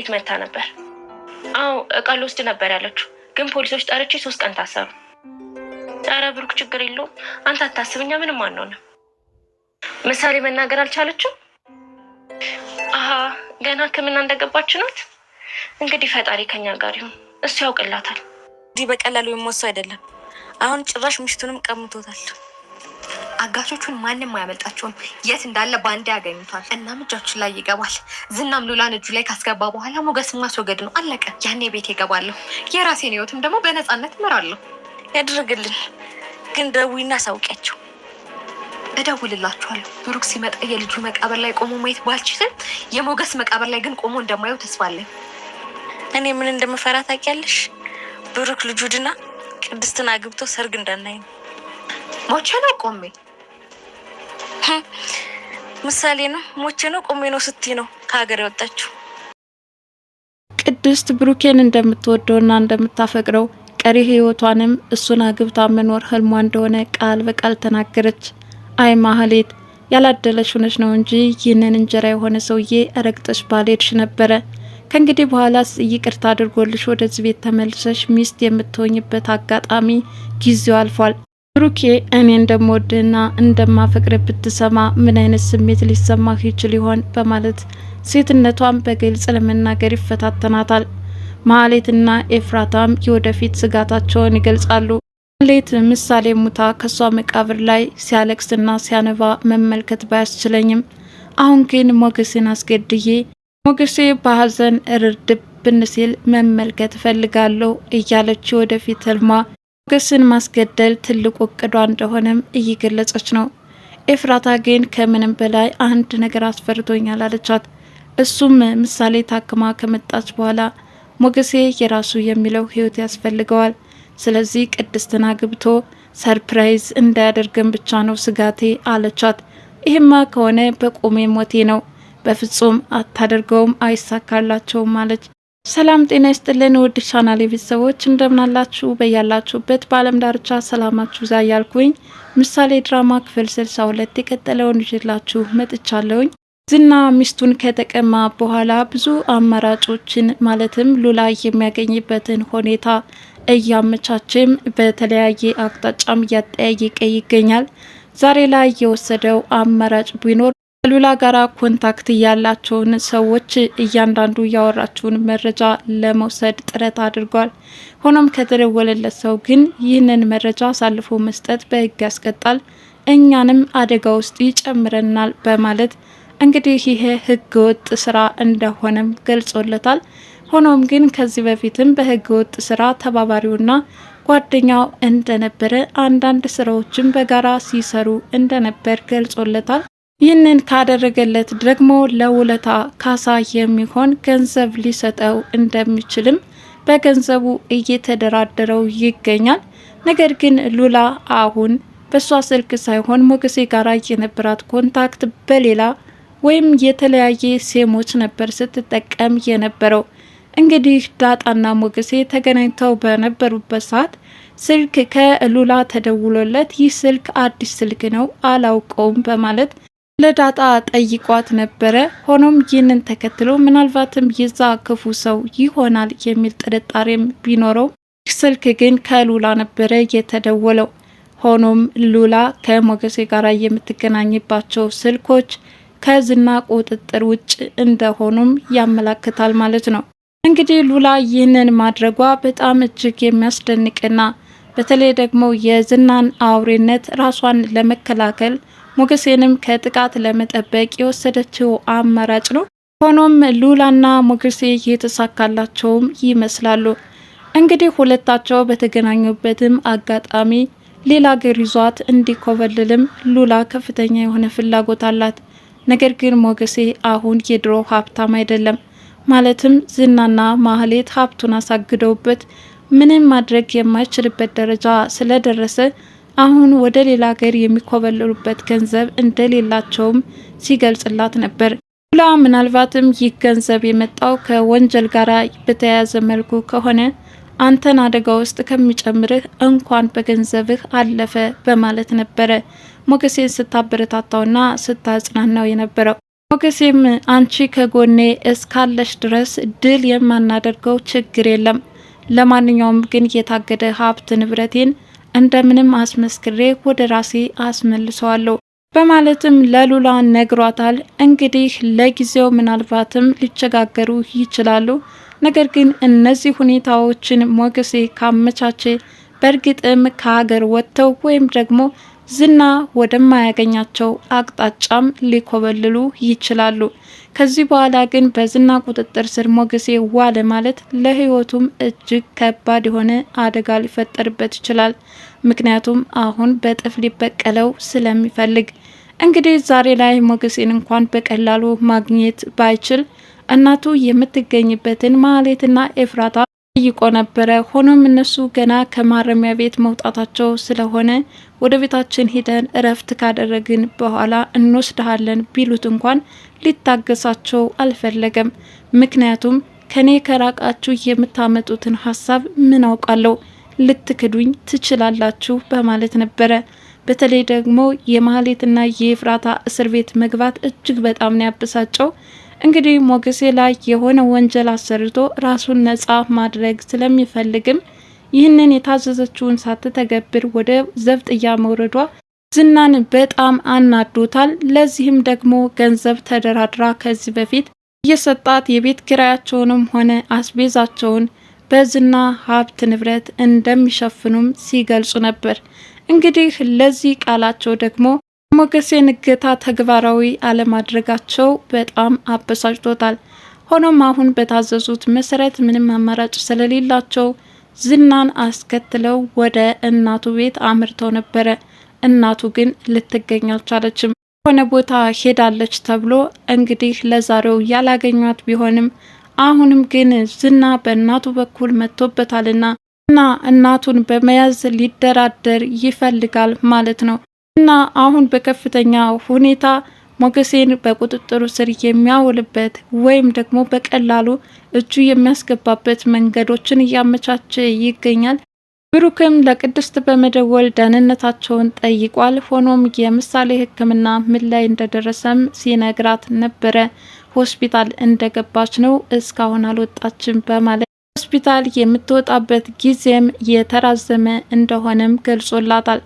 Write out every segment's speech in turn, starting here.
ቤት መታ ነበር። አዎ እቃ ውስድ ነበር ያለችው፣ ግን ፖሊሶች ጠርቼ ሶስት ቀን ታሰሩ። ኧረ ብሩክ ችግር የለውም አንተ አታስብ፣ እኛ ምንም አንሆንም። ምሳሌ መናገር አልቻለችም። አሀ ገና ሕክምና እንደገባች ናት። እንግዲህ ፈጣሪ ከኛ ጋር ይሁን፣ እሱ ያውቅላታል። እንዲህ በቀላሉ የሚወሰው አይደለም። አሁን ጭራሽ ምሽቱንም ቀምቶታል። አጋቾቹን ማንም አያመልጣቸውም። የት እንዳለ ባንዴ ያገኙታል። እናም እጃችን ላይ ይገባል። ዝናም ሉላን እጁ ላይ ካስገባ በኋላ ሞገስ ማስወገድ ነው፣ አለቀ። ያኔ ቤት ይገባለሁ፣ የራሴን ህይወትም ደግሞ በነፃነት ምራለሁ ያድርግልን። ግን ደውይና አሳውቂያቸው። እደውልላችኋለሁ። ብሩክ ሲመጣ የልጁ መቃብር ላይ ቆሞ ማየት ባልችልም የሞገስ መቃብር ላይ ግን ቆሞ እንደማየው ተስፋ አለኝ። እኔ ምን እንደምፈራ ታውቂያለሽ? ብሩክ ልጁ ድና ቅድስትን አግብቶ ሰርግ እንዳናይ ነው። ሞቼ ነው ቆሜ ምሳሌ ነው። ሞቼ ነው ቆሜ ነው ስቲ ነው ከሀገር የወጣችው። ቅድስት ብሩኬን እንደምትወደውና እንደምታፈቅረው ቀሪ ህይወቷንም እሱን አግብታ መኖር ህልሟ እንደሆነ ቃል በቃል ተናገረች። አይ ማህሌት ያላደለሽ ሆነች ነው እንጂ ይህንን እንጀራ የሆነ ሰውዬ ረግጠሽ ባልሄድሽ ነበረ። ከእንግዲህ በኋላስ ይቅርታ አድርጎልሽ ወደዚህ ቤት ተመልሰሽ ሚስት የምትሆኝበት አጋጣሚ ጊዜው አልፏል። ብሩኬ እኔ እንደምወድህና እንደማፈቅር ብትሰማ ምን አይነት ስሜት ሊሰማህ ይችል ይሆን? በማለት ሴትነቷን በግልጽ ለመናገር ይፈታተናታል። ማህሌትና ኤፍራታም የወደፊት ስጋታቸውን ይገልጻሉ። ማህሌት ምሳሌ ሙታ ከሷ መቃብር ላይ ሲያለቅስና ሲያነባ መመልከት ባያስችለኝም አሁን ግን ሞገሴን አስገድዬ ሞገሴ በሀዘን ርድብ ብን ሲል መመልከት እፈልጋለሁ እያለች ወደፊት ህልማ ሞገስን ማስገደል ትልቁ እቅዷ እንደሆነም እየገለጸች ነው። ኤፍራታ ግን ከምንም በላይ አንድ ነገር አስፈርቶኛል አለቻት። እሱም ምሳሌ ታክማ ከመጣች በኋላ ሞገሴ የራሱ የሚለው ህይወት ያስፈልገዋል። ስለዚህ ቅድስትን አግብቶ ሰርፕራይዝ እንዳያደርገን ብቻ ነው ስጋቴ አለቻት። ይህማ ከሆነ በቆሜ ሞቴ ነው፣ በፍጹም አታደርገውም፣ አይሳካላቸውም አለች። ሰላም ጤና ይስጥልን ውድ ቻናል ቤተሰቦች እንደምናላችሁ በያላችሁበት በአለም ዳርቻ ሰላማችሁ ዛ ያልኩኝ ምሳሌ ድራማ ክፍል ስልሳ ሁለት የቀጠለውን ይዤላችሁ መጥቻለሁኝ። ዝና ሚስቱን ከተቀማ በኋላ ብዙ አማራጮችን ማለትም ሉላ የሚያገኝበትን ሁኔታ እያመቻችም በተለያየ አቅጣጫም እያጠያየቀ ይገኛል። ዛሬ ላይ የወሰደው አማራጭ ቢኖር ከሉላ ጋራ ኮንታክት ያላቸውን ሰዎች እያንዳንዱ ያወራችውን መረጃ ለመውሰድ ጥረት አድርጓል። ሆኖም ከተደወለለት ሰው ግን ይህንን መረጃ አሳልፎ መስጠት በሕግ ያስቀጣል፣ እኛንም አደጋ ውስጥ ይጨምረናል በማለት እንግዲህ ይሄ ወጥ ስራ እንደሆነም ገልጾለታል። ሆኖም ግን ከዚህ በፊትም ወጥ ስራ ተባባሪውና ጓደኛው እንደነበረ አንዳንድ ስራዎችን በጋራ ሲሰሩ እንደነበር ገልጾለታል። ይህንን ካደረገለት ደግሞ ለውለታ ካሳ የሚሆን ገንዘብ ሊሰጠው እንደሚችልም በገንዘቡ እየተደራደረው ይገኛል። ነገር ግን ሉላ አሁን በእሷ ስልክ ሳይሆን ሞገሴ ጋራ የነበራት ኮንታክት በሌላ ወይም የተለያየ ሴሞች ነበር ስትጠቀም የነበረው። እንግዲህ ዳጣና ሞገሴ ተገናኝተው በነበሩበት ሰዓት ስልክ ከሉላ ተደውሎለት ይህ ስልክ አዲስ ስልክ ነው አላውቀውም በማለት ለዳጣ ጠይቋት ነበረ። ሆኖም ይህንን ተከትሎ ምናልባትም የዛ ክፉ ሰው ይሆናል የሚል ጥርጣሬም ቢኖረው ስልክ ግን ከሉላ ነበረ የተደወለው። ሆኖም ሉላ ከሞገሴ ጋር የምትገናኝባቸው ስልኮች ከዝና ቁጥጥር ውጭ እንደሆኑም ያመላክታል ማለት ነው። እንግዲህ ሉላ ይህንን ማድረጓ በጣም እጅግ የሚያስደንቅና በተለይ ደግሞ የዝናን አውሬነት ራሷን ለመከላከል ሞገሴንም ከጥቃት ለመጠበቅ የወሰደችው አማራጭ ነው። ሆኖም ሉላና ሞገሴ የተሳካላቸውም ይመስላሉ። እንግዲህ ሁለታቸው በተገናኙበትም አጋጣሚ ሌላ ገር ይዟት እንዲኮበልልም ሉላ ከፍተኛ የሆነ ፍላጎት አላት። ነገር ግን ሞገሴ አሁን የድሮ ሀብታም አይደለም። ማለትም ዝናና ማህሌት ሀብቱን አሳግደውበት ምንም ማድረግ የማይችልበት ደረጃ ስለደረሰ አሁን ወደ ሌላ ሀገር የሚኮበለሉበት ገንዘብ እንደሌላቸውም ሲገልጽላት ነበር። ሉላ ምናልባትም ይህ ገንዘብ የመጣው ከወንጀል ጋር በተያያዘ መልኩ ከሆነ አንተን አደጋ ውስጥ ከሚጨምርህ እንኳን በገንዘብህ አለፈ በማለት ነበረ ሞገሴን ስታበረታታውና ስታጽናናው የነበረው። ሞገሴም አንቺ ከጎኔ እስካለሽ ድረስ ድል የማናደርገው ችግር የለም፣ ለማንኛውም ግን የታገደ ሀብት ንብረቴን እንደምንም አስመስክሬ ወደ ራሴ አስመልሰዋለሁ በማለትም ለሉላ ነግሯታል። እንግዲህ ለጊዜው ምናልባትም ሊቸጋገሩ ይችላሉ። ነገር ግን እነዚህ ሁኔታዎችን ሞገሴ ካመቻቼ በእርግጥም ከሀገር ወጥተው ወይም ደግሞ ዝና ወደማያገኛቸው አቅጣጫም ሊኮበልሉ ይችላሉ። ከዚህ በኋላ ግን በዝና ቁጥጥር ስር ሞገሴ ዋለ ማለት ለህይወቱም እጅግ ከባድ የሆነ አደጋ ሊፈጠርበት ይችላል። ምክንያቱም አሁን በጥፍ ሊበቀለው ስለሚፈልግ እንግዲህ ዛሬ ላይ ሞገሴን እንኳን በቀላሉ ማግኘት ባይችል እናቱ የምትገኝበትን ማህሌትና ኤፍራታ ጠይቆ ነበረ። ሆኖም እነሱ ገና ከማረሚያ ቤት መውጣታቸው ስለሆነ ወደ ቤታችን ሄደን እረፍት ካደረግን በኋላ እንወስድሃለን ቢሉት እንኳን ሊታገሳቸው አልፈለገም። ምክንያቱም ከኔ ከራቃችሁ የምታመጡትን ሀሳብ ምን አውቃለሁ ልትክዱኝ ትችላላችሁ በማለት ነበረ። በተለይ ደግሞ የማህሌትና የኤፍራታ እስር ቤት መግባት እጅግ በጣም ነው ያበሳጨው። እንግዲህ ሞገሴ ላይ የሆነ ወንጀል አሰርቶ ራሱን ነጻ ማድረግ ስለሚፈልግም ይህንን የታዘዘችውን ሳትተገብር ወደ ዘብጥያ መውረዷ ዝናን በጣም አናዶታል። ለዚህም ደግሞ ገንዘብ ተደራድራ ከዚህ በፊት እየሰጣት የቤት ኪራያቸውንም ሆነ አስቤዛቸውን በዝና ሀብት ንብረት እንደሚሸፍኑም ሲገልጹ ነበር። እንግዲህ ለዚህ ቃላቸው ደግሞ ሞገሴን እገታ ተግባራዊ አለማድረጋቸው በጣም አበሳጭቶታል። ሆኖም አሁን በታዘዙት መሰረት ምንም አማራጭ ስለሌላቸው ዝናን አስከትለው ወደ እናቱ ቤት አምርተው ነበረ። እናቱ ግን ልትገኝ አልቻለችም። የሆነ ቦታ ሄዳለች ተብሎ እንግዲህ ለዛሬው ያላገኟት ቢሆንም አሁንም ግን ዝና በእናቱ በኩል መጥቶበታልና እና እናቱን በመያዝ ሊደራደር ይፈልጋል ማለት ነው እና አሁን በከፍተኛ ሁኔታ ሞገሴን በቁጥጥሩ ስር የሚያውልበት ወይም ደግሞ በቀላሉ እጁ የሚያስገባበት መንገዶችን እያመቻቸ ይገኛል። ብሩክም ለቅድስት በመደወል ደህንነታቸውን ጠይቋል። ሆኖም የምሳሌ ሕክምና ምን ላይ እንደደረሰም ሲነግራት ነበረ። ሆስፒታል እንደገባች ነው፣ እስካሁን አልወጣችም በማለት ሆስፒታል የምትወጣበት ጊዜም የተራዘመ እንደሆነም ገልጾላታል።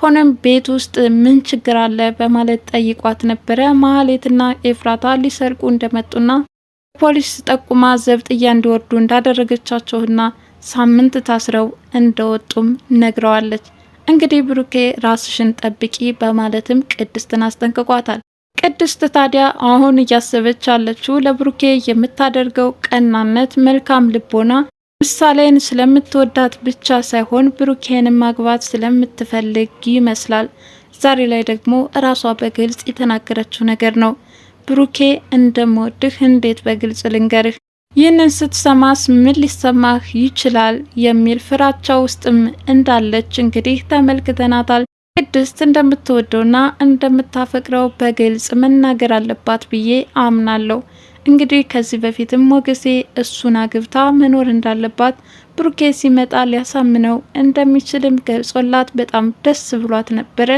ሆነም ቤት ውስጥ ምን ችግር አለ በማለት ጠይቋት ነበረ። ማህሌትና ኤፍራታ ሊሰርቁ እንደመጡና ፖሊስ ጠቁማ ዘብጥያ እንዲወርዱ እንዳደረገቻቸውና ሳምንት ታስረው እንደወጡም ነግረዋለች። እንግዲህ ብሩኬ ራስሽን ጠብቂ በማለትም ቅድስትን አስጠንቅቋታል። ቅድስት ታዲያ አሁን እያሰበች ያለችው ለብሩኬ የምታደርገው ቀናነት፣ መልካም ልቦና ምሳሌን ስለምትወዳት ብቻ ሳይሆን ብሩኬን ማግባት ስለምትፈልግ ይመስላል። ዛሬ ላይ ደግሞ እራሷ በግልጽ የተናገረችው ነገር ነው። ብሩኬ እንደምወድህ እንዴት በግልጽ ልንገርህ? ይህንን ስትሰማስ ምን ሊሰማህ ይችላል የሚል ፍራቻ ውስጥም እንዳለች እንግዲህ ተመልክተናታል። ቅድስት እንደምትወደውና እንደምታፈቅረው በግልጽ መናገር አለባት ብዬ አምናለሁ። እንግዲህ ከዚህ በፊትም ሞገሴ እሱን አግብታ መኖር እንዳለባት ብሩኬ ሲመጣ ሊያሳምነው እንደሚችልም ገልጾላት በጣም ደስ ብሏት ነበረ።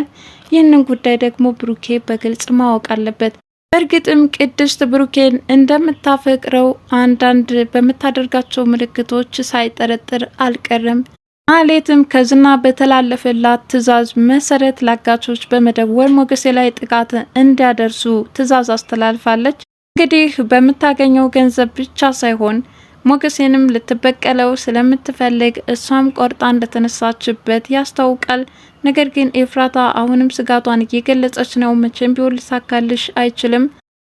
ይህንን ጉዳይ ደግሞ ብሩኬ በግልጽ ማወቅ አለበት። በእርግጥም ቅድስት ብሩኬን እንደምታፈቅረው አንዳንድ በምታደርጋቸው ምልክቶች ሳይጠረጥር አልቀረም። ማሌትም ከዝና በተላለፈላት ትዕዛዝ መሰረት ላጋቾች በመደወል ሞገሴ ላይ ጥቃት እንዲያደርሱ ትዕዛዝ አስተላልፋለች። እንግዲህ በምታገኘው ገንዘብ ብቻ ሳይሆን ሞገሴንም ልትበቀለው ስለምትፈልግ እሷም ቆርጣ እንደተነሳችበት ያስታውቃል። ነገር ግን ኤፍራታ አሁንም ስጋቷን እየገለጸች ነው። መቼም ቢሆን ልሳካልሽ አይችልም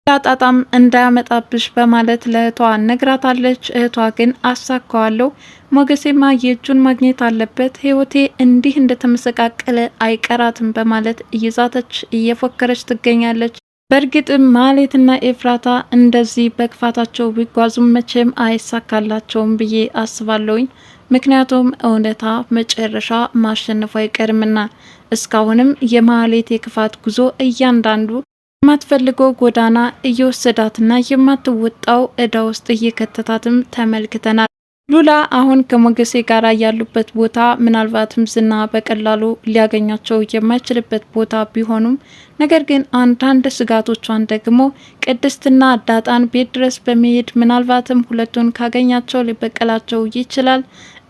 ላጣጣም እንዳያመጣብሽ በማለት ለእህቷ ነግራታለች። እህቷ ግን አሳካዋለሁ፣ ሞገሴማ የእጁን ማግኘት አለበት፣ ህይወቴ እንዲህ እንደተመሰቃቀለ አይቀራትም በማለት እየዛተች እየፎከረች ትገኛለች። በእርግጥም ማሌትና ኤፍራታ እንደዚህ በክፋታቸው ቢጓዙም መቼም አይሳካላቸውም ብዬ አስባለሁኝ። ምክንያቱም እውነታ መጨረሻ ማሸነፉ አይቀርምና እስካሁንም የማሌት የክፋት ጉዞ እያንዳንዱ የማትፈልገው ጎዳና እየወሰዳትና የማትወጣው እዳ ውስጥ እየከተታትም ተመልክተናል። ሉላ አሁን ከሞገሴ ጋር ያሉበት ቦታ ምናልባትም ዝና በቀላሉ ሊያገኛቸው የማይችልበት ቦታ ቢሆኑም ነገር ግን አንዳንድ ስጋቶቿን ደግሞ ቅድስትና ዳጣን ቤት ድረስ በመሄድ ምናልባትም ሁለቱን ካገኛቸው ሊበቀላቸው ይችላል፣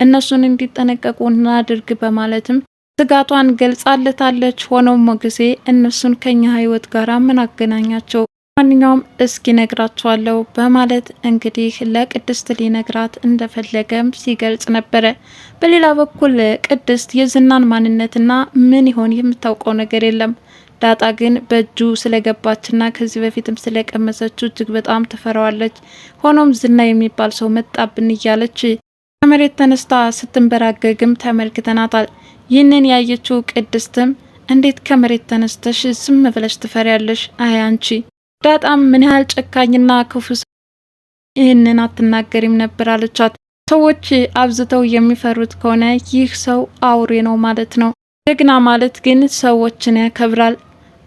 እነሱን እንዲጠነቀቁ እናድርግ በማለትም ስጋቷን ገልጻለታለች። ሆኖም ሞገሴ እነሱን ከኛ ህይወት ጋር ምን አገናኛቸው? ለማንኛውም እስኪ ነግራቸዋለሁ በማለት እንግዲህ ለቅድስት ሊነግራት እንደፈለገም ሲገልጽ ነበረ። በሌላ በኩል ቅድስት የዝናን ማንነትና ምን ይሆን የምታውቀው ነገር የለም። ዳጣ ግን በእጁ ስለገባችና ከዚህ በፊትም ስለቀመሰችው እጅግ በጣም ትፈራዋለች። ሆኖም ዝና የሚባል ሰው መጣብን እያለች ከመሬት ተነስታ ስትንበራገግም ተመልክተናታል። ይህንን ያየችው ቅድስትም እንዴት ከመሬት ተነስተሽ ዝም ብለሽ ትፈሪያለሽ? አይ አንቺ ዳጣም ምን ያህል ጨካኝና ክፉ ይህንን አትናገሪም ነበር አለቻት። ሰዎች አብዝተው የሚፈሩት ከሆነ ይህ ሰው አውሬ ነው ማለት ነው። ጀግና ማለት ግን ሰዎችን ያከብራል፣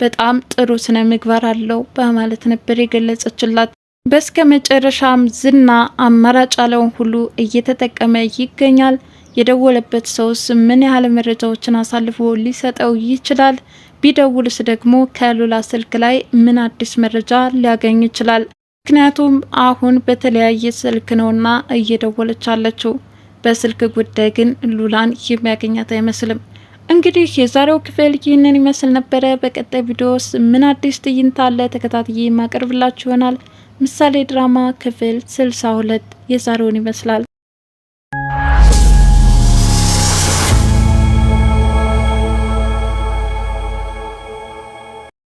በጣም ጥሩ ስነ ምግባር አለው በማለት ነበር የገለጸችላት። በስከ መጨረሻም ዝና አማራጭ ያለውን ሁሉ እየተጠቀመ ይገኛል። የደወለበት ሰውስ ምን ያህል መረጃዎችን አሳልፎ ሊሰጠው ይችላል? ቢደውልስ ደግሞ ከሉላ ስልክ ላይ ምን አዲስ መረጃ ሊያገኝ ይችላል? ምክንያቱም አሁን በተለያየ ስልክ ነውና እየደወለች አለችው። በስልክ ጉዳይ ግን ሉላን የሚያገኛት አይመስልም። እንግዲህ የዛሬው ክፍል ይህንን ይመስል ነበረ። በቀጣይ ቪዲዮስ ምን አዲስ ትዕይንት አለ ተከታትዬ የማቀርብላችሁ ይሆናል። ምሳሌ ድራማ ክፍል ስልሳ ሁለት የዛሬውን ይመስላል።